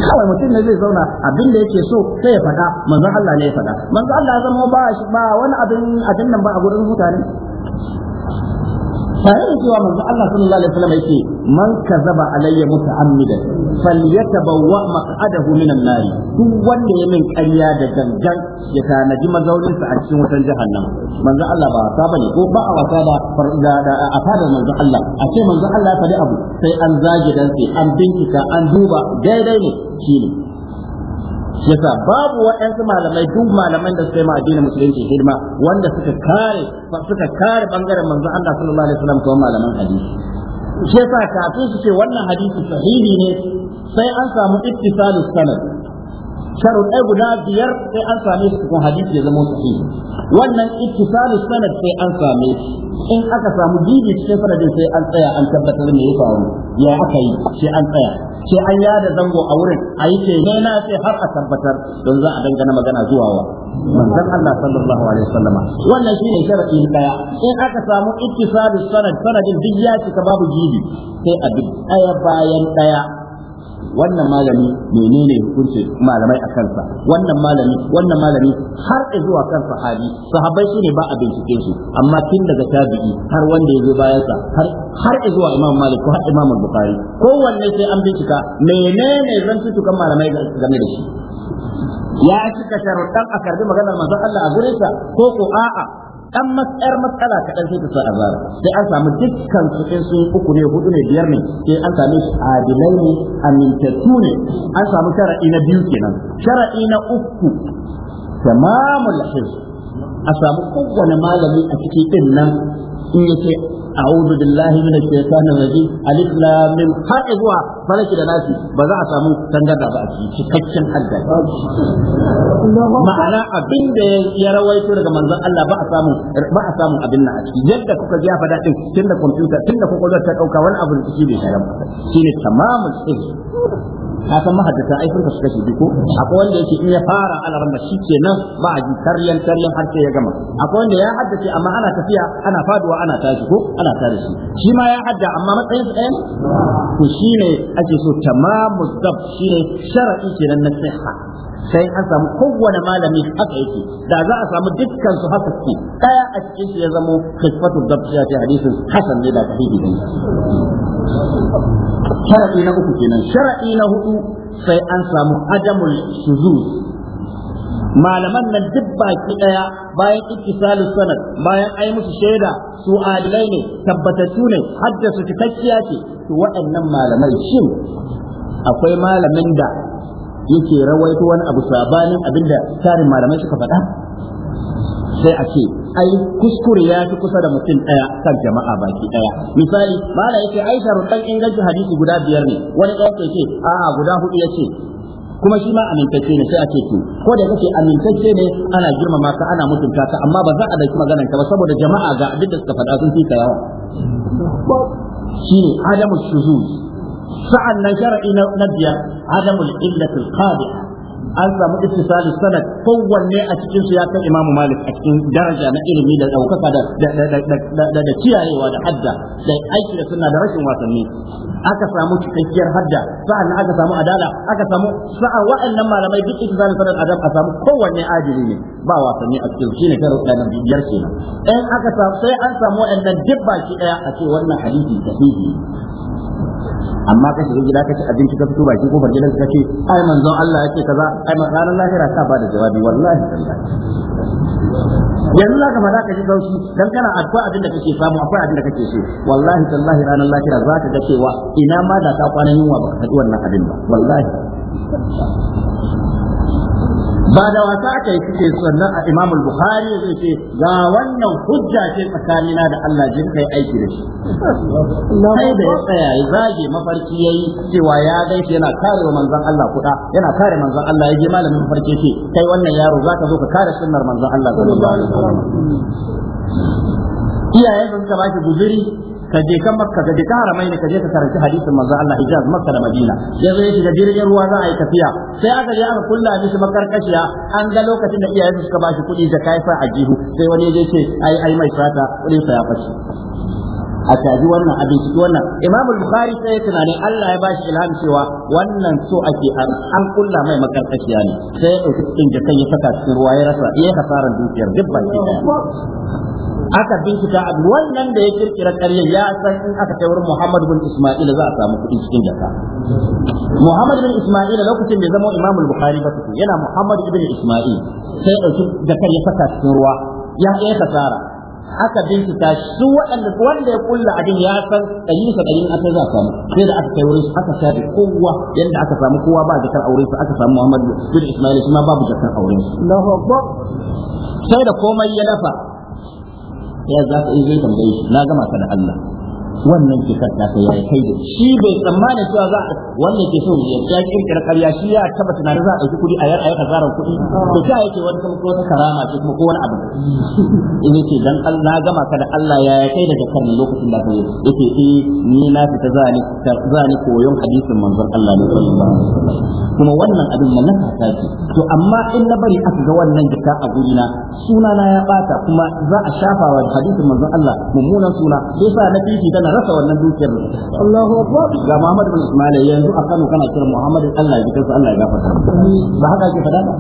kawai mutum ne zai zauna abin da yake so sai ya fada manzo Allah ne ya fada manzo Allah ya zama ba shi ba wani abin abin nan ba a gurin mutane tare da cewa manzo Allah sallallahu alaihi wasallam yake man kazaba alayya muta'ammidan falyatabawwa maq'adahu minan nar duk wanda ya min ƙarya da gangan ya tanaji mazaunin sa a cikin wutan jahannam manzo Allah ba wasa bane ko ba a wasa ba a fada manzo Allah a ce manzo Allah ya faɗi abu sai an zage dan sai an bincika an duba daidai ne shine yasa babu waɗansu malamai duk malaman da suka yi addinin musulunci hidima wanda suka kare suka kare bangaren manzo Allah sallallahu alaihi wasallam malaman hadisi shi yasa kafin su ce wannan hadisi sahihi ne sai an samu ittisalus sanad sharuɗai guda biyar sai an same su cikin hadisi ya zama sahi wannan ittisalu sanad sai an same in aka samu bibi cikin sanadin sai an tsaya an tabbatar me ya faru ya aka yi sai an tsaya sai an yada zango a wurin a yi ce ne na sai har a tabbatar don za a dangana magana zuwa wa manzon Allah sallallahu alaihi wasallam wannan shine sharadi daya in aka samu ittisalu sanad sanadin duk ya cika babu jibi sai a duk daya bayan daya wannan malami menene hukunci malamai a kansa wannan malami wannan malami har zuwa kan sahabi sahabbai ne ba a bincike su amma tun daga tabi'i har wanda ya zo bayan sa har har zuwa imam malik ko har imam bukhari kowanne sai an bincika menene zan tutukan malamai game da shi ya cika sharuɗan a karbi maganar manzon Allah a gurinsa ko ko a'a dan matsayar matsala kaɗan sai ta sa azara sai an samu dukkan su sun uku ne hudu ne biyar ne sai an sami adilai ne amintattu ne an samu shara'i na biyu kenan shara'i na uku tamamul hizb a samu kowane malami a cikin din nan in yake a'udhu billahi minash shaitanir rajim alif lam mim har zuwa falaki da nasi ba za a samu tangarda ba a cikin cikakken hadda ma'ana abin da ya rawaito daga manzon Allah ba a samu a samu abin nan a ciki yadda kuka ji fada din tunda computer tunda kuka ta ɗauka, wani abu da shi bai sharan shine tamamul sirri ka san mahaddata ai furka kasu kashi ko akwai wanda yake in ya fara ana shi shikenan ba a ji taryan taryan har sai ya gama akwai wanda ya haddace amma ana tafiya ana faduwa ana tashi ko ana tare shi shi ma ya hadda amma matsayin sa ɗaya to shine ake so tamamu zab shine sharadi kenan na sihha sai an samu kowane malami haka yake da za a samu dukkan su haka suke daya a cikin su ya zamo kisfatul dabtiya ta hadisin hasan ne da sahihi ne sharadi na uku kenan sharadi na hudu sai an samu adamul shuzuz malaman nan duk baki daya bayan ittisalu sanad bayan ai musu shaida su adilai ne tabbatattu ne hadda su cikakkiya ce to waɗannan malamai shin akwai malamin da yake rawaito wani abu sabanin abinda tarin malamai suka faɗa sai a ce ai kuskure ya fi kusa da mutum ɗaya kan jama'a baki ɗaya misali mala yake ai dan ingancin hadisi guda biyar ne wani ɗaya ke ce a'a guda hudu ya ce kuma shi ma amintacce ne sai a ce ko da kake amintacce ne ana girmama ka ana mutunta ka amma ba za a dauki maganar ka ba saboda jama'a ga abinda suka faɗa sun fi yawa shi ne adamu shuzuz sa'an nan shar'i na biyar adamul illatul qadi'a an samu ittisalus sanad kowanne a cikin su ya kai Imam Malik a cikin daraja na ilimi da daukaka da da da da hadda da aiki da suna da rashin wasanni aka samu cikakkiyar hadda sa'an aka samu adala aka samu sa'an wa'annan malamai duk ittisalus sanad adam a samu kowanne adili ne ba wasanni a cikin shine karo da nan biyar kenan in aka samu sai an samu wa'annan duk baki daya a ce wannan hadisi sahihi amma ka shiga gida ka ci abinci ka fito baki kofar gidan ka ce ai manzon Allah yake kaza ai ranar lahira ka ba da jawabi wallahi yanzu za ka faɗa ka ji gaushi dan kana akwai abin da kake samu akwai abin da kake so wallahi tallahi ranar lahira za ka ga cewa ina ma da ka kwana yunwa baka ka wannan abin ba wallahi ba da wasa aka yi kike sannan a Imam Bukhari zai ce ga wannan hujja ce tsakanina da Allah jin kai aiki da shi sai da ya tsaya ya zage mafarki yayi cewa ya gaishe yana kare wa manzon Allah kuda yana kare manzon Allah ya malamin mafarki ce kai wannan yaro zaka zo ka kare sunnar manzon Allah sallallahu alaihi wasallam iyayen suka ba shi guzuri ka je kan makka ka je ka haramai ne ka je ka karanci hadisin manzo Allah hijaz makka da madina ya zo da shiga jirgin ruwa za a yi tafiya sai aka je aka kulla mishi makarkashiya an ga lokacin da iyayensa suka shi kuɗi da kai sa a jihu sai wani ya je ce ai ai mai fata kuɗin sa ya fashi a caji wannan a binciki wannan imam bukhari sai ya tunanin Allah ya bashi ilham cewa wannan so ake an kulla mai makarkashiya ne sai ya ɗauki cikin jakan ya saka cikin ruwa ya rasa yi kasarar dukiyar duk baki aka bincika abu wannan da ya kirkira ƙarya ya san in aka kai wurin Muhammad bin Isma'il za a samu kuɗi cikin jaka Muhammad bin Isma'il lokacin da ya zama Imam Bukhari ba tuku yana Muhammad bin Isma'il sai ya jakar ya saka cikin ruwa ya ya kasara aka bincika su waɗanda wanda ya kulla abin ya san ɗari bisa ɗari an za a samu sai da aka kai wurin su aka shafe kowa yadda aka samu kowa ba jakar auren su aka samu Muhammad bin Isma'il shi ma babu jakar auren su Allahu Akbar sai da komai ya dafa ya za ka iya zai tambaye shi na gama ka da Allah wannan kisan da ta ya kai da shi bai tsammana cewa za a wannan ke so ya ya kirkira ƙarya shi ya taba tunanin za a ɗauki kuɗi a yar ayyuka zaran kuɗi to ta yake wani kuma ko ta karama ce kuma ko wani abu in yace dan Allah gama ka da Allah ya kai daga kan lokacin da ka yi yace eh ni na fita zani zani koyon hadisin manzon Allah ne sallallahu alaihi wasallam kuma wannan abin mallaka ta ce to amma in na bari aka ga wannan jika a gurina suna na ya bata kuma za a shafa wa hadisin manzon Allah mummunan suna sa na fifi tana ya rasa wannan dukiyar Allahu akbar ga Muhammad bin Ismail yanzu a Kano kana kira Muhammad Allah ya kansa Allah ya gafarta ba haka ake fada ba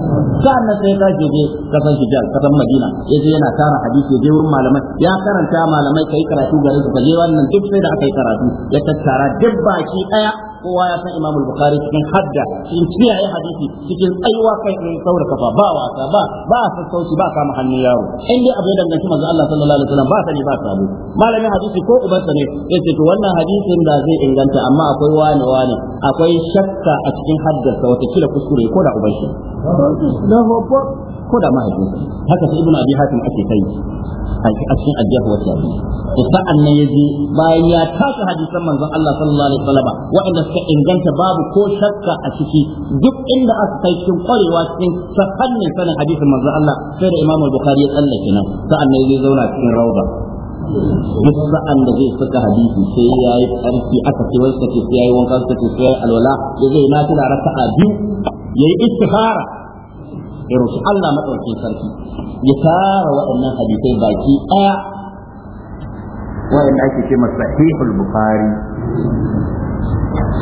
sa'an nan sai ka je je kasan ka san Madina yaje yana tara hadisi je wurin malamai ya karanta malamai kai karatu garin su ka je wannan duk sai da aka yi karatu ya tattara duk baki daya kowa ya san imamul bukhari cikin hadda cikin kiyaye hadisi cikin tsayuwa kai ne saura kafa ba wasa ba ba sassauci ba kama hannun yaro in dai abin danganci manzo Allah sallallahu alaihi wasallam ba sani ba sabo malamin hadisi ko ubansa ne yace to wannan hadisin da zai inganta amma akwai wani wani akwai shakka a cikin haddarsa wata kila kuskure ko da ubanshi ko da mahaifinsa haka sai ibnu abi hatim ake kai a cikin ajiyar wa tabi to sa'an nan yaji bayan ya taka hadisan manzon Allah sallallahu alaihi wasallam waɗanda suka inganta babu ko shakka a ciki duk inda aka kai cikin kwarewa cikin sakannin sanin hadisin manzon Allah sai da Imam Bukhari ya tsallake nan sa'an nan yaji zauna cikin rauda duk sa'an da zai saka hadisi sai ya yi tsarki aka ce wani suka ce sai ya yi wanka suka ce sai ya yi alwala ya zai na tuna raka'a biyu ya yi istikhara ya roki Allah madaukakin sarki ya tara waɗannan hadisai baki ɗaya waɗanda ake ce sahihul bukhari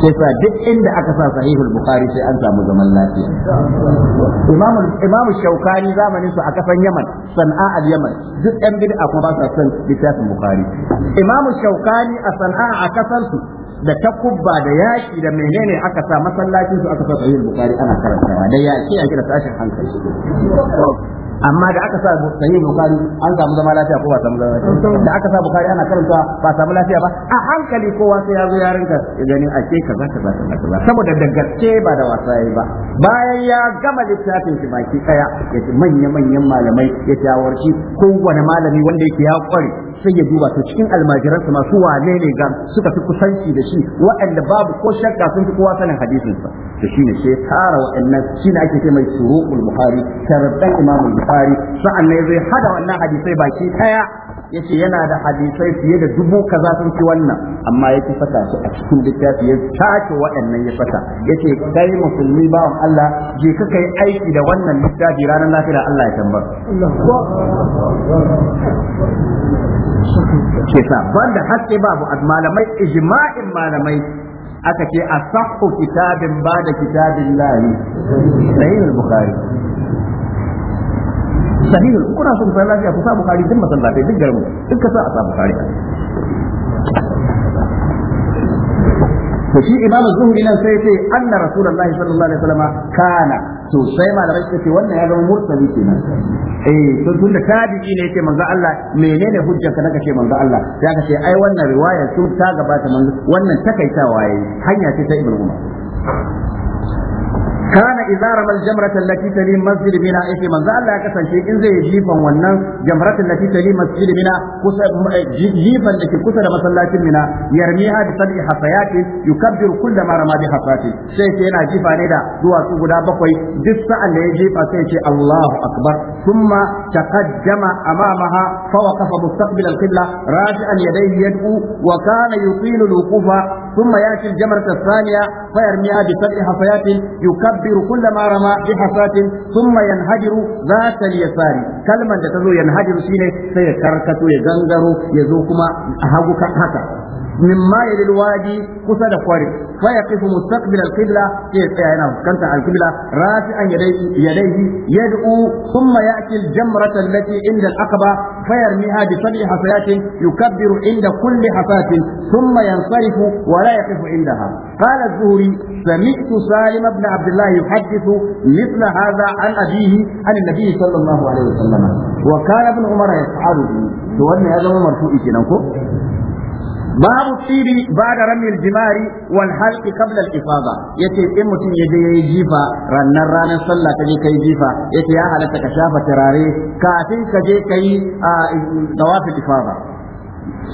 sai sa duk inda aka sa sahihul bukhari sai an samu zaman lafiya imamu imamu shaukani zamanin su a kasan yaman san'a al yaman duk ɗan bid'a kuma ba sa son littafin bukhari imamu shaukani a san'a a kasan su da takubba da yaki da menene aka sa masallacin su aka sa sahih bukhari ana karantawa da yaki an kira tashin hankali amma da aka sa sahih bukhari an samu zama lafiya ko ba samu zama lafiya da aka sa bukhari ana karantawa ba samu lafiya ba a hankali kowa sai ya zo ya rinka gani a ce kaza kaza kaza saboda da gaske ba da wasa ba bayan ya gama littafin shi baki daya ya ce manya manyan malamai ya shawarci kowane malami wanda yake ya kware sai ya duba to cikin almajiransa masu wane ne ga suka fi kusanci da shi waɗanda babu ko shakka sun fi kowa sanin hadisin sa to shine sai tara shi shine ake ce mai shuruqul bukhari ɗan imam buhari sa'an ne zai hada wannan hadisai baki daya yace yana da hadisai fiye da dubu kaza sun ci wannan amma ya ci saka a cikin littafi ya tace waɗannan ya fata, yace kai musulmi bawan Allah je ka kai aiki da wannan littafi ranar lafiya Allah ya tambar ke sa banda haske babu malamai ijma'in malamai aka ce a asahhu kitabin ba da kitabin lahi sahih al-bukhari sahihul kuna son sai lafiya ku sa bukari din masallatai duk garmu duk ka sa a sa bukari to shi imam zuhri nan sai ce anna rasulullahi sallallahu alaihi wasallam kana to sai da suka ce wannan ya zama mursali kenan eh to tun da tabi'i ne yake manzo Allah menene hujjar ka naka ce manzo Allah ya ka ce ai wannan riwaya sun ta gabata manzo wannan takaitawa yayi hanya ce ta ibnu umar kana idza rama al-jamrata allati tali masjid mina yake manzo Allah ya kasance in zai yi jifan wannan jamrata allati tali masjid mina kusa eh, jifan da ke kusa da masallacin mina yarmiha bi sab'i hasayati yukabbiru kulla ma rama bi hasati sai ke yana jifa ne da duwatsu guda bakwai duk sa'an da ya jifa sai ce Allahu akbar thumma taqaddama amamaha fa waqafa mustaqbil al-qibla raji'an yadayhi yad'u wa kana yutilu al-wuqufa thumma yati al-jamrata ath-thaniya fayarmiha bi sab'i hasayati yukabbiru yuhabbiru kullama rama bi hasatin thumma yanhajiru zat al yasari kalman da tazo yanhajiru shine sai ya karkato ya gangaro zo kuma a hagu haka mimma yadil wadi kusa da kwarin fa yaqifu mustaqbil al-qibla sai tsaya yana fuskanta al-qibla rafi'an yadayhi yadayhi yad'u thumma ya'ti al-jamrata allati inda al-aqaba فيرميها بسبع حصيات يكبر عند كل حصاة ثم ينصرف ولا يقف عندها قال الزهري سمعت سالم بن عبد الله يحدث مثل هذا عن أبيه عن النبي صلى الله عليه وسلم وكان ابن عمر يفعله تولي هذا مرفوع كنكو babu tsibi ba da ramil jimari wal halki qabla al ifada yace in mutum ya je yayi jifa rannan ranar sallah je kai jifa yace ya halatta ka shafa turare kafin ka je kai dawafil ifada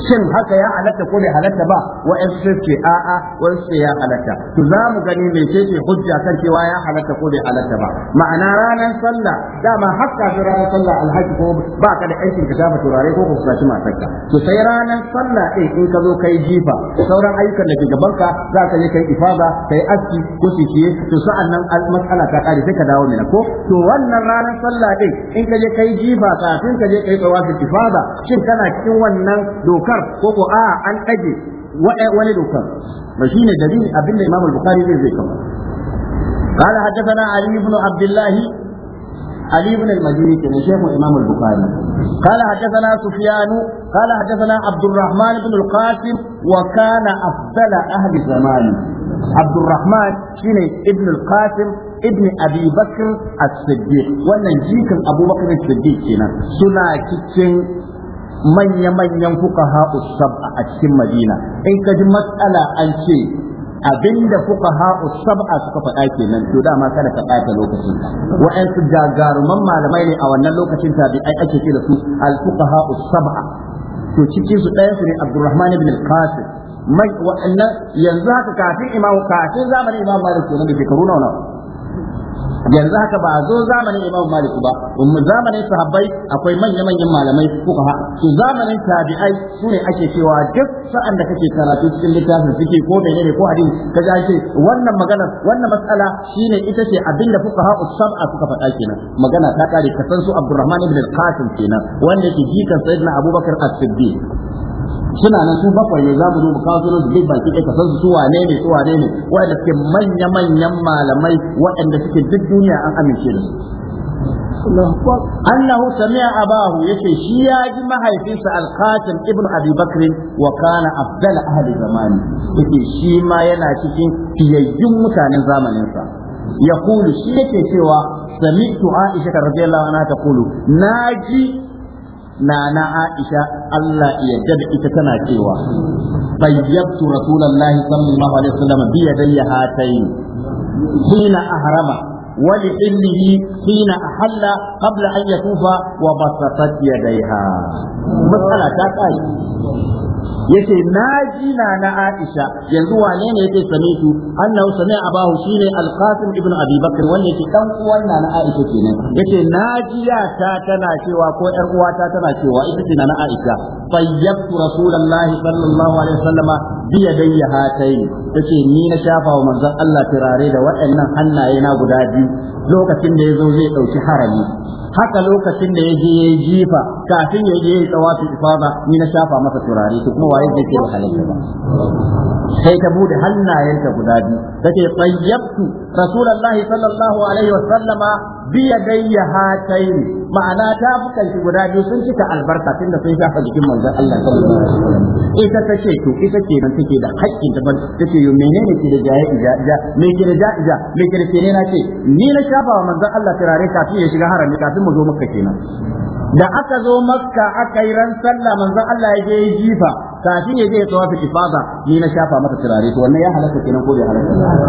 shin haka ya halatta ko bai halatta ba wa su ce a'a wa su ya halatta to za mu gani mai ce ce hujja kan cewa ya halatta ko bai halatta ba ma'ana ranar sallah dama hakka su ranar sallah alhaji ko ba ka da aikin ka shafa turare ko ku saci matarka to sai ranar sallah din in ka zo kai jifa sauran ayyukan da ke gaban ka za ka je kai ifada kai aski ko sikiye to sa'an nan matsala ta kare sai ka dawo mina ko to wannan ranar sallah din in ka je kai jifa kafin ka je kai tsawafi ifada shin kana cikin wannan doka dokar ko ko a an aje wani dokar ba shine dalili abin da Imam Bukhari zai zai kawo قال حدثنا علي بن عبد الله علي بن المديني كان شيخ الإمام البخاري قال حدثنا سفيان قال حدثنا عبد الرحمن بن القاسم وكان أفضل أهل زمانه عبد الرحمن شين ابن القاسم ابن أبي بكر الصديق وانا جيك أبو بكر الصديق هنا سنة كتن manya-manyan fuka sab'a a cikin Madina in ka ji matsala an ce abinda fuqaha sab'a suka faɗa kenan to dama kada ka ɓata lokacin ka wa'ansu gagaruman malamai ne a wannan lokacin tabi'ai ake ce da su alfuka fuqaha sab'a to cikin su ɗayan su ne Abdurrahman ibn al-Qasim wa'annan yanzu haka kafin imam kafin zamanin imam Malik kenan da shekaru nawa yanzu haka ba a zo zamanin Imam maliku ba umma zamanin sahabbai akwai manya-manyan malamai kuka ha su zamanin tabi'ai su ne ake cewa duk sa'an da kake karatu cikin littafin suke ko menene ko hadisi ka ji ake wannan magana wannan mas'ala shine ita ce abinda kuka ha usab'a suka faɗa kenan magana ta kare ka san su Abdurrahman ibn al-Qasim kenan wanda yake jikan Sayyidina Abubakar As-Siddiq suna nan su bakwai ne za mu zo mu kawo sunan su duk baki ɗaya kasan su su wane ne su wane ne waɗanda suke manya manyan malamai waɗanda suke duk duniya an amince da su annahu sami'a abahu yace shi ya ji mahaifinsa al ibn abi bakr wa kana afdal ahli zamani yace shi ma yana cikin fiyayyun mutanen zamanin sa kulu shi yake cewa sami'tu aisha ta kulu na ji. nana Aisha Allah ya da ita tana cewa bayyabtu rasulullahi sallallahu alaihi wasallam bi yadayya hatayn hina ahrama ولحله حين أحل قبل أن يطوف وبسطت يديها مسألة تاكاي yace na ji na na Aisha yanzu wane ne yake sane su annahu sami abahu shine al-Qasim ibn Abi Bakr wanda yake dan uwan na na Aisha kenan yace na ji ya ta tana cewa ko ƴar uwata tana cewa ita ce na na Aisha Fayyabtu rasulullahi sallallahu alaihi wasallama biya dayya hatayi tace ni na shafa wa manzon Allah turare da waɗannan hannaye na guda biyu lokacin da yazo zai dauki harami haka lokacin da ya je ya yi jifa kafin ya je ya yi tsawafin ifada ni na shafa masa turare to kuma waye zai da halatta ba sai ta bude hannayenta guda biyu take tayyabtu rasulullahi sallallahu alaihi wa sallama bi yadayya hatayn ma'ana ta bukan shi guda biyu sun cika albarka tunda sun shafa jikin manzon Allah sallallahu alaihi wa sallam ita tace to ita ce nan take da haƙƙin da ban tace yo menene ke da ja? me ke da jaya me ke da na ce ni na shafa wa manzon Allah turare kafin ya shiga harami kafin mu zo makka kenan da aka zo makka aka yi ran sallah manzon Allah ya je jifa kafin ya je ya tawafi ifada ni na shafa mata turare to wannan ya halaka kenan ko bai halaka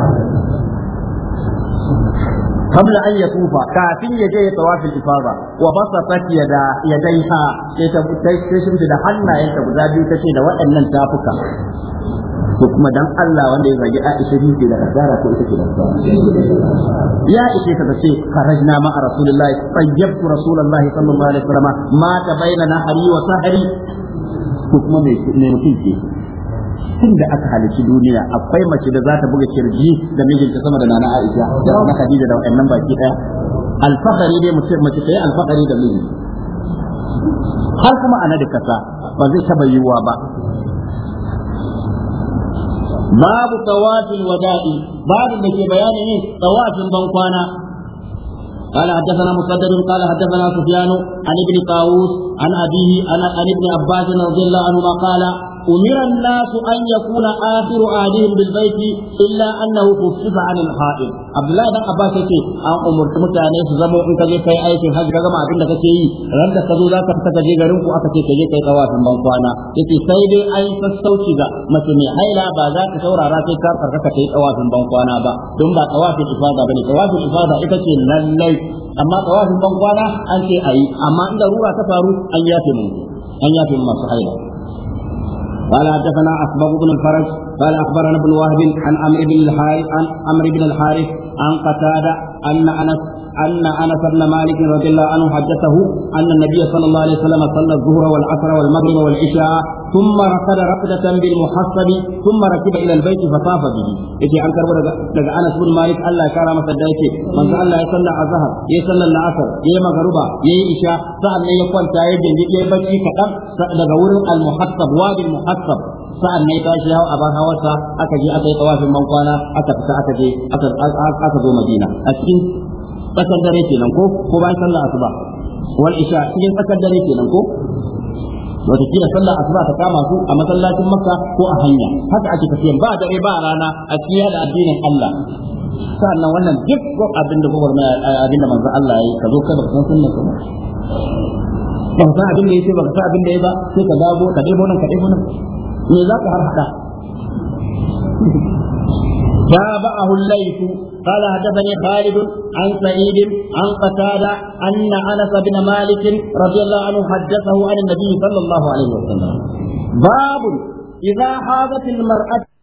qabla an yatufa kafin ya je ya tawafil ifada wa basatat yada yadaiha sai ta sai shi da hannayen ta guda biyu tace da waɗannan tafuka to kuma dan Allah wanda ya zagi Aisha ni ke da kasara ko ita ke da kasara ya ishe ta tace kharajna ma rasulullahi wa sahari ko kuma me tun da aka halici duniya akwai mace da za ta buga kirji da mijinta sama da nana Aisha da na Khadija da wannan baki daya alfahari ne mutum mace ta yi alfahari da miji har kuma ana da kasa ba zai taba yiwuwa ba babu tawafin wada'i babu da ke bayani ne tawafin bankwana قال حدثنا مسدد قال حدثنا سفيان عن ابن طاووس عن ابيه عن ابن عباس رضي الله عنهما قال أمر الناس أن يكون آخر آدهم بالبيت إلا أنه خفف عن الحائض عبد الله بن عباس يقول أن أمر متاني سزمو إن كذي كي أي في حج كما أبن لك كي رم تسدو ذاك تكجي غرنك أكتي كي كي تواف بانقوانا يقول سيد أي فستوشي ذا مسمي هيلا بازاك شورا راتي كار كركك كي تواف بانقوانا با دم با تواف الإفادة بني تواف الإفادة إكتي للي أما تواف بانقوانا أنت أي أما إذا رورا تفارو أن يافي منك أن يافي من مصحيح قال حدثنا أسبغ بن الفرج قال أخبرنا ابن وهب عن عمرو بن الحارث عن عمرو بن الحارث عن قتادة أن أنس أن أنس بن مالك رضي الله عنه حدثه أن النبي صلى الله عليه وسلم صلى الظهر والعصر والمغرب والعشاء ثم ركض ركضة بالمحصب ثم ركب إلى البيت فطاف به يجي أن كربو دغ أنس بن مالك الله كرا مسا دايكي من الله يصلى الظهر يصلى العصر يي مغربا يي عشاء سأل ne ya kwanta ya gindi ya bacci kaɗan daga wurin al-muhassab wadin muhassab sa'an ne ta shi hawa aban aka je aka yi tawafin man aka fita aka je aka zo madina a cikin tsakar dare kenan ko ko sallah asuba isha cikin dare kenan ko wataƙila sallar asuba ta kama su a masallacin makka ko a hanya haka ake tafiyan ba dare ba rana a cikin da addinin Allah sannan wannan duk abin da kuma eh, abin da manzo Allah ya yi ka zo kai baka san sunnar ba ba san abin da ya ce ba san abin da ya ba sai ka dago ka ɗebo nan ka ɗebo nan me za ka har hada ba ba'ahu laifu قال حدثني خالد عن سعيد عن قتادة أن أنس بن مالك رضي الله عنه حدثه عن النبي صلى الله عليه وسلم باب إذا حاضت المرأة